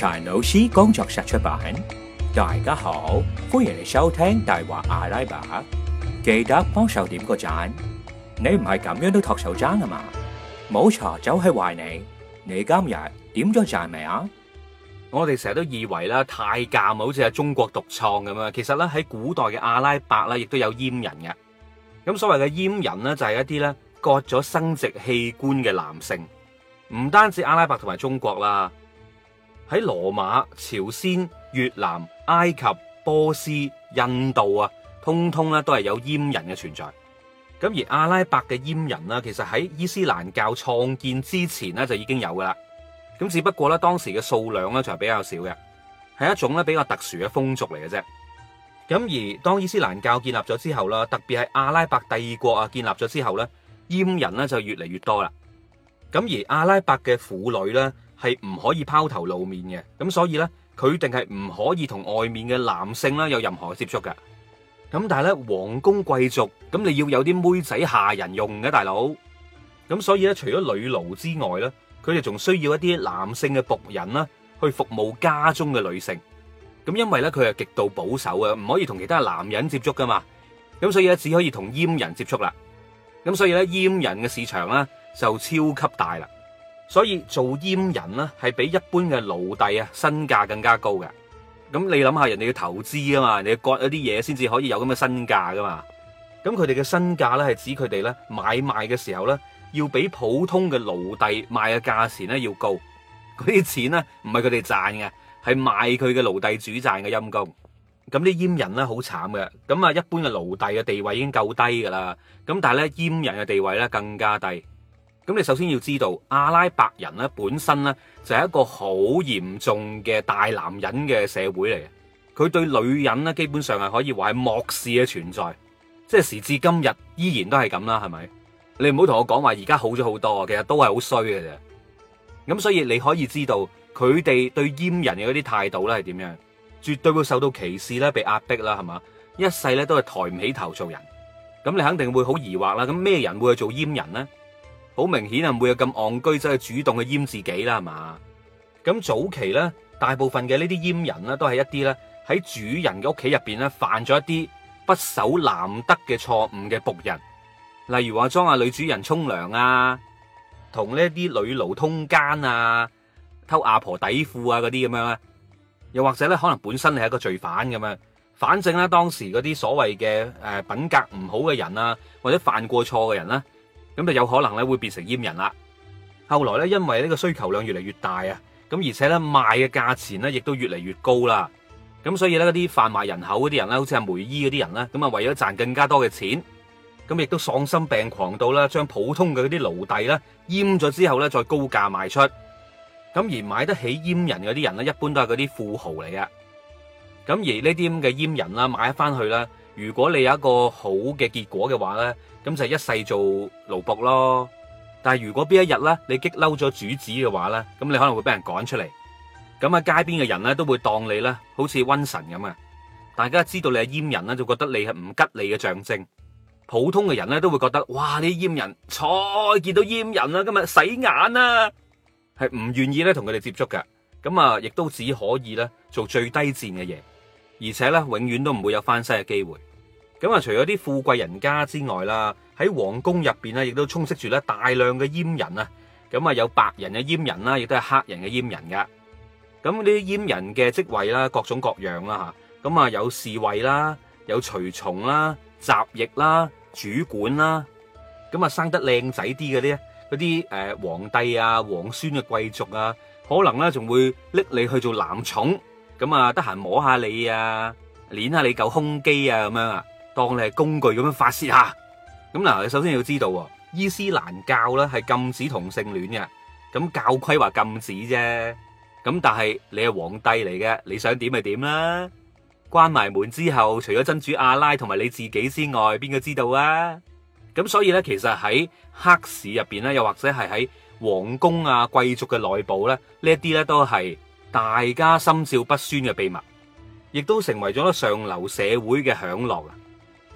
柴老師工作室出版。大家好，歡迎收聽《大話阿拉伯》。記得幫手點個讚，你唔係咁樣都托手踭啊嘛？冇茶酒係壞你。你今日點咗讚未啊？我哋成日都以為啦，太監好似係中國獨創咁樣。其實咧，喺古代嘅阿拉伯咧，亦都有閹人嘅。咁所謂嘅閹人咧，就係一啲咧割咗生殖器官嘅男性。唔單止阿拉伯同埋中國啦。喺羅馬、朝鮮、越南、埃及、波斯、印度啊，通通咧都係有閹人嘅存在。咁而阿拉伯嘅閹人呢，其實喺伊斯蘭教創建之前呢，就已經有噶啦。咁只不過咧，當時嘅數量呢，就係比較少嘅，係一種咧比較特殊嘅風俗嚟嘅啫。咁而當伊斯蘭教建立咗之後啦，特別係阿拉伯帝國啊建立咗之後呢，閹人呢就越嚟越多啦。咁而阿拉伯嘅婦女呢。係唔可以拋頭露面嘅，咁所以呢，佢定係唔可以同外面嘅男性啦有任何接觸嘅。咁但係呢，皇宮貴族咁你要有啲妹仔下人用嘅大佬，咁所以呢，除咗女奴之外呢，佢哋仲需要一啲男性嘅僕人啦，去服務家中嘅女性。咁因為呢，佢係極度保守啊，唔可以同其他男人接觸噶嘛，咁所以呢，只可以同閹人接觸啦。咁所以呢，閹人嘅市場呢，就超級大啦。所以做閹人咧，係比一般嘅奴隸啊，身價更加高嘅。咁你諗下，人哋要投資啊嘛，你要割咗啲嘢先至可以有咁嘅身價噶嘛。咁佢哋嘅身價咧，係指佢哋咧買賣嘅時候咧，要比普通嘅奴隸賣嘅價錢咧要高。嗰啲錢咧，唔係佢哋賺嘅，係賣佢嘅奴隸主賺嘅陰功。咁啲閹人咧，好慘嘅。咁啊，一般嘅奴隸嘅地位已經夠低噶啦。咁但係咧，閹人嘅地位咧更加低。咁你首先要知道，阿拉伯人咧本身咧就係一個好嚴重嘅大男人嘅社會嚟嘅。佢對女人咧基本上係可以話係漠視嘅存在，即係時至今日依然都係咁啦，係咪？你唔好同我講話而家好咗好多，其實都係好衰嘅啫。咁所以你可以知道佢哋對閹人嘅嗰啲態度咧係點樣，絕對會受到歧視啦，被壓迫啦，係嘛？一世咧都係抬唔起頭做人。咁你肯定會好疑惑啦。咁咩人會去做閹人咧？好明顯啊，唔會有咁戇居，真係主動去閹自己啦，係嘛？咁早期咧，大部分嘅呢啲閹人咧，都係一啲咧喺主人嘅屋企入邊咧犯咗一啲不守男德嘅錯誤嘅僕人，例如話裝下女主人沖涼啊，同呢啲女奴通姦啊，偷阿婆底褲啊嗰啲咁樣啊，又或者咧可能本身係一個罪犯咁樣，反正咧當時嗰啲所謂嘅誒品格唔好嘅人啊，或者犯過錯嘅人咧、啊。咁就有可能咧，會變成閹人啦。後來咧，因為呢個需求量越嚟越大啊，咁而且咧賣嘅價錢咧，亦都越嚟越高啦。咁所以咧，嗰啲販賣人口嗰啲人咧，好似阿梅姨嗰啲人咧，咁啊為咗賺更加多嘅錢，咁亦都喪心病狂到啦，將普通嘅嗰啲奴隸咧閹咗之後咧，再高價賣出。咁而買得起閹人嗰啲人咧，一般都係嗰啲富豪嚟嘅。咁而呢啲咁嘅閹人啦，買翻去咧。如果你有一個好嘅結果嘅話咧，咁就一世做奴僕咯。但係如果邊一日咧你激嬲咗主子嘅話咧，咁你可能會俾人趕出嚟。咁喺街邊嘅人咧都會當你咧好似瘟神咁啊！大家知道你係閹人咧，就覺得你係唔吉利嘅象徵。普通嘅人咧都會覺得哇，你啲閹人錯，見到閹人啦，今日洗眼啊！係唔願意咧同佢哋接觸嘅。咁啊，亦都只可以咧做最低賤嘅嘢，而且咧永遠都唔會有翻身嘅機會。咁啊，除咗啲富貴人家之外啦，喺皇宮入邊咧，亦都充斥住咧大量嘅閹人啊！咁啊，有白人嘅閹人啦，亦都係黑人嘅閹人噶。咁呢啲閹人嘅職位啦，各種各樣啦嚇。咁啊，有侍衛啦，有隨從啦，雜役啦，主管啦。咁啊，生得靚仔啲嗰啲，啲誒皇帝啊、皇孫嘅貴族啊，可能咧仲會拎你去做男寵。咁啊，得閒摸下你啊，捏下你嚿胸肌啊，咁樣啊～當你係工具咁樣發洩下咁。嗱，你首先要知道伊斯蘭教咧係禁止同性戀嘅，咁教規話禁止啫。咁但係你係皇帝嚟嘅，你想點咪點啦？關埋門之後，除咗真主阿拉同埋你自己之外，邊個知道啊？咁所以咧，其實喺黑市入邊咧，又或者係喺皇宮啊貴族嘅內部咧，呢一啲咧都係大家心照不宣嘅秘密，亦都成為咗上流社會嘅享樂啊。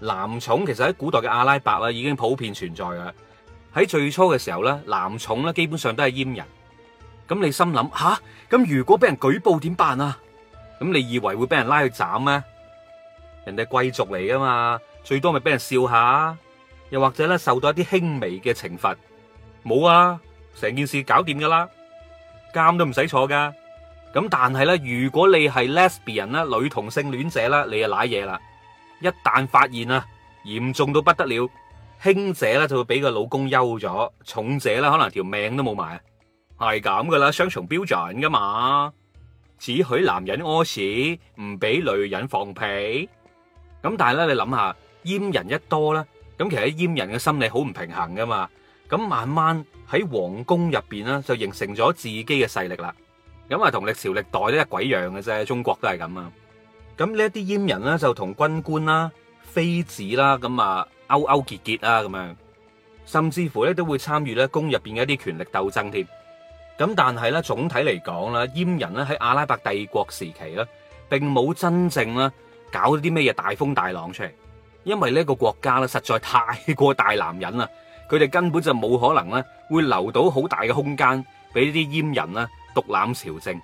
男寵其實喺古代嘅阿拉伯啦，已經普遍存在噶啦。喺最初嘅時候咧，男寵咧基本上都係閹人。咁你心諗吓，咁、啊、如果俾人舉報點辦啊？咁你以為會俾人拉去斬咩？人哋貴族嚟噶嘛，最多咪俾人笑下，又或者咧受到一啲輕微嘅懲罰。冇啊，成件事搞掂噶啦，監都唔使坐噶。咁但係咧，如果你係 lesbian 啦，女同性戀者啦，你啊瀨嘢啦。一旦發現啊，嚴重到不得了，輕者咧就會俾個老公休咗，重者咧可能條命都冇埋，係咁噶啦，雙重標準噶嘛，只許男人屙屎，唔俾女人放屁。咁但係咧，你諗下，閹人一多咧，咁其實喺閹人嘅心理好唔平衡噶嘛，咁慢慢喺皇宮入邊咧就形成咗自己嘅勢力啦。咁啊，同歷朝歷代都一鬼樣嘅啫，中國都係咁啊。咁呢一啲閹人咧就同軍官啦、妃子啦咁啊勾勾結結啦咁樣，甚至乎咧都會參與咧宮入邊嘅一啲權力鬥爭添。咁但係咧總體嚟講啦，閹人咧喺阿拉伯帝國時期咧，並冇真正咧搞到啲咩嘢大風大浪出嚟，因為呢個國家咧實在太過大男人啦，佢哋根本就冇可能咧會留到好大嘅空間俾呢啲閹人咧獨攬朝政。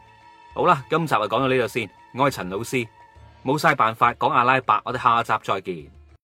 好啦，今集就講到呢度先，我係陳老師。冇曬辦法講阿拉伯，我哋下集再見。